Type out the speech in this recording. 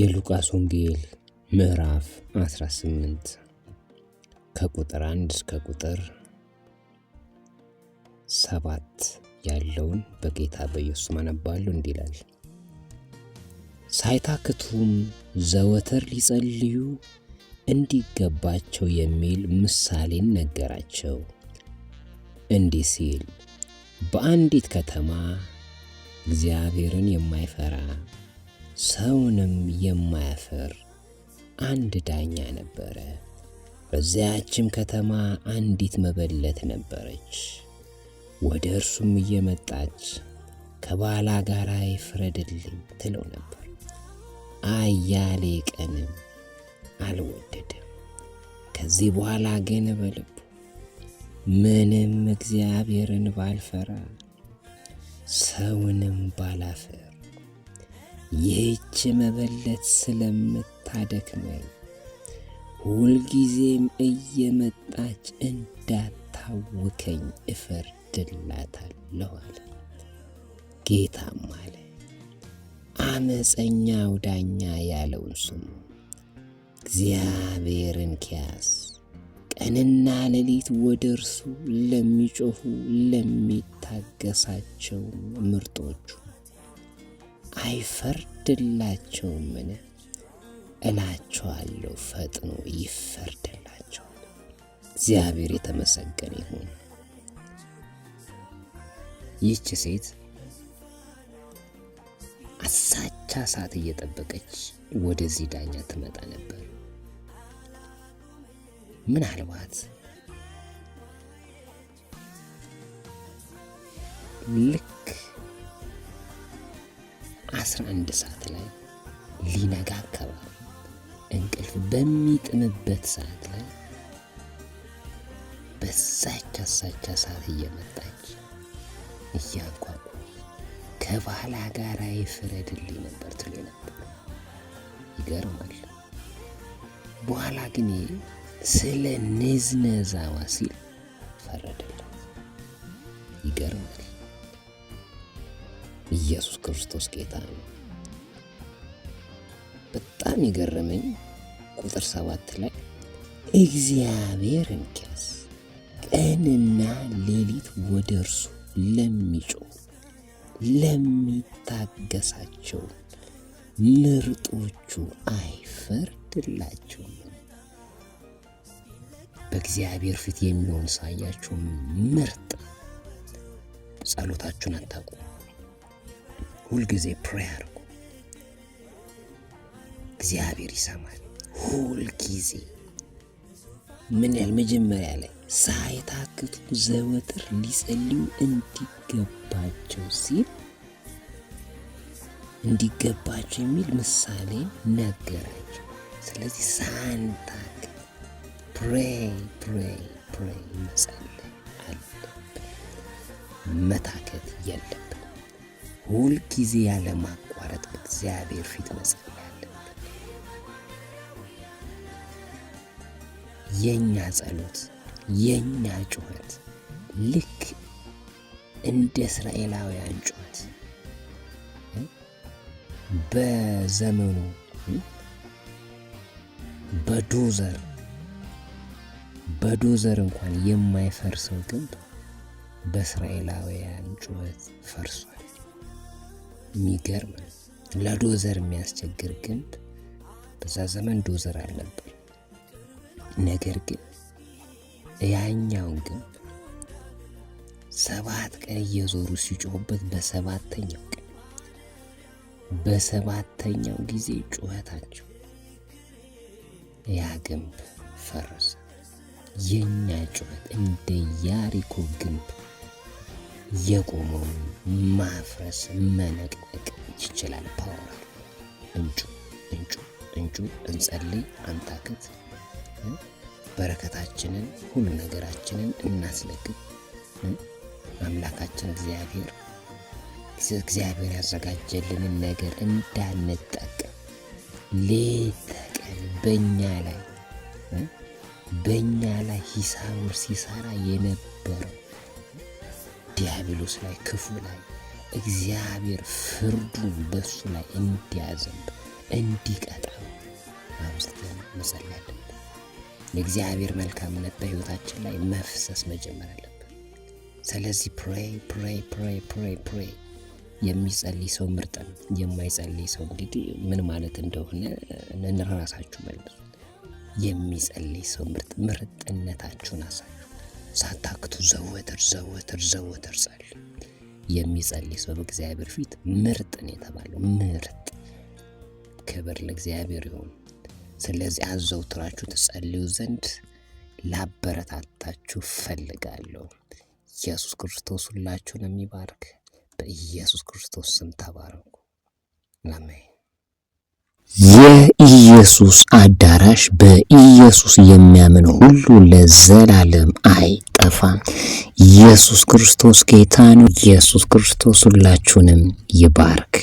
የሉቃስ ወንጌል ምዕራፍ 18 ከቁጥር 1 እስከ ቁጥር ሰባት ያለውን በጌታ በኢየሱስ አነባለሁ። እንዲህ ይላል። ሳይታክቱም ዘወትር ሊጸልዩ እንዲገባቸው የሚል ምሳሌን ነገራቸው፣ እንዲህ ሲል በአንዲት ከተማ እግዚአብሔርን የማይፈራ ሰውንም የማያፈር አንድ ዳኛ ነበረ። በዚያችም ከተማ አንዲት መበለት ነበረች። ወደ እርሱም እየመጣች ከባላ ጋር ይፍረድልኝ ትለው ነበር። አያሌ ቀንም አልወደድም ከዚህ በኋላ ግን በልቡ ምንም እግዚአብሔርን ባልፈራ ሰውንም ባላፈር ይህች መበለት ስለምታደክመኝ ሁልጊዜም እየመጣች እንዳታውከኝ እፈርድላታለሁ አለ። ጌታም አለ አመፀኛው ዳኛ ያለውን ስሙ። እግዚአብሔርን ኪያስ ቀንና ሌሊት ወደ እርሱ ለሚጮኹ ለሚታገሳቸው ምርጦቹ አይፈርድላቸውምን? እላቸዋለሁ ፈጥኖ ይፈርድላቸዋል። እግዚአብሔር የተመሰገነ ይሁን። ይህች ሴት አሳቻ ሰዓት እየጠበቀች ወደዚህ ዳኛ ትመጣ ነበር። ምናልባት ልክ 11 ሰዓት ላይ ሊነጋ አካባቢ እንቅልፍ በሚጥምበት ሰዓት ላይ በዛቻ ሳቻ ሰዓት እየመጣች እያንኳኩ ከባህላ ጋር ይፍረድልኝ ነበር ትሎ ነበር። ይገርማል። በኋላ ግን ስለ ንዝነዛዋ ሲል ፈረደላት። ይገርማል። ኢየሱስ ክርስቶስ ጌታ ነው። በጣም የገረመኝ ቁጥር ሰባት ላይ እግዚአብሔር እንኪያስ ቀንና ሌሊት ወደ እርሱ ለሚጮ ለሚታገሳቸው ምርጦቹ አይፈርድላቸውም። በእግዚአብሔር ፊት የሚሆን ሳያችሁ ምርጥ ጸሎታችሁን አታውቁ። ሁልጊዜ ፕሬ አርጉ። እግዚአብሔር ይሰማል። ሁልጊዜ ምን ያህል መጀመሪያ ላይ ሳይታክቱ ዘወትር ሊጸልዩ እንዲገባቸው ሲል እንዲገባቸው የሚል ምሳሌ ነገራቸው። ስለዚህ ሳንታክት ፕሬይ ፕሬይ ፕሬይ መጸለይ አለብን። መታከት የለም። ሁልጊዜ ያለማቋረጥ በእግዚአብሔር ፊት መጸለይ አለብን። የእኛ ጸሎት የእኛ ጩኸት ልክ እንደ እስራኤላውያን ጩኸት በዘመኑ በዶዘር በዶዘር እንኳን የማይፈርሰው ግንብ በእስራኤላውያን ጩኸት ፈርሷል። የሚገርም ለዶዘር የሚያስቸግር ግንብ በዛ ዘመን ዶዘር አልነበር። ነገር ግን ያኛው ግንብ ሰባት ቀን እየዞሩ ሲጮሁበት በሰባተኛው ቀን በሰባተኛው ጊዜ ጩኸታቸው ያ ግንብ ፈረሰ። የእኛ ጩኸት እንደ ያሪኮ ግንብ የቆመውን ማፍረስ መነቅነቅ ይችላል። ፓወር እንጩ እንጩ እንጩ። እንጸልይ፣ አንታክት፣ በረከታችንን ሁሉ ነገራችንን እናስለግብ። አምላካችን እግዚአብሔር እግዚአብሔር ያዘጋጀልንን ነገር እንዳንጠቀም ሌት ተቀን በእኛ ላይ በእኛ ላይ ሂሳቡን ሲሰራ የነበረው ዲያብሎስ ላይ ክፉ ላይ እግዚአብሔር ፍርዱን በሱ ላይ እንዲያዘንብ እንዲቀጣው አብዝተን መጸለይ አለብን። የእግዚአብሔር መልካምነት በሕይወታችን ላይ መፍሰስ መጀመር አለብን። ስለዚህ ፕሬይ ፕሬይ ፕሬይ ፕሬይ ፕሬይ የሚጸልይ ሰው ምርጥ ነው። የማይጸልይ ሰው እንግዲህ ምን ማለት እንደሆነ እንራሳችሁ መልሱ። የሚጸልይ ሰው ምርጥ ምርጥነታችሁን አሳዩ። ሳታክቱ ዘወትር ዘወትር ዘወትር ጸልዩ። የሚጸልይ ሰው በእግዚአብሔር ፊት ምርጥ ነው የተባለው ምርጥ። ክብር ለእግዚአብሔር ይሁን። ስለዚህ አዘውትራችሁ ትጸልዩ ዘንድ ላበረታታችሁ ፈልጋለሁ። ኢየሱስ ክርስቶስ ሁላችሁን የሚባርክ በኢየሱስ ክርስቶስ ስም ተባረኩ። አሜን። የኢየሱስ አዳራሽ በኢየሱስ የሚያምን ሁሉ ለዘላለም አይጠፋም። ኢየሱስ ክርስቶስ ጌታ ነው። ኢየሱስ ክርስቶስ ሁላችሁንም ይባርክ።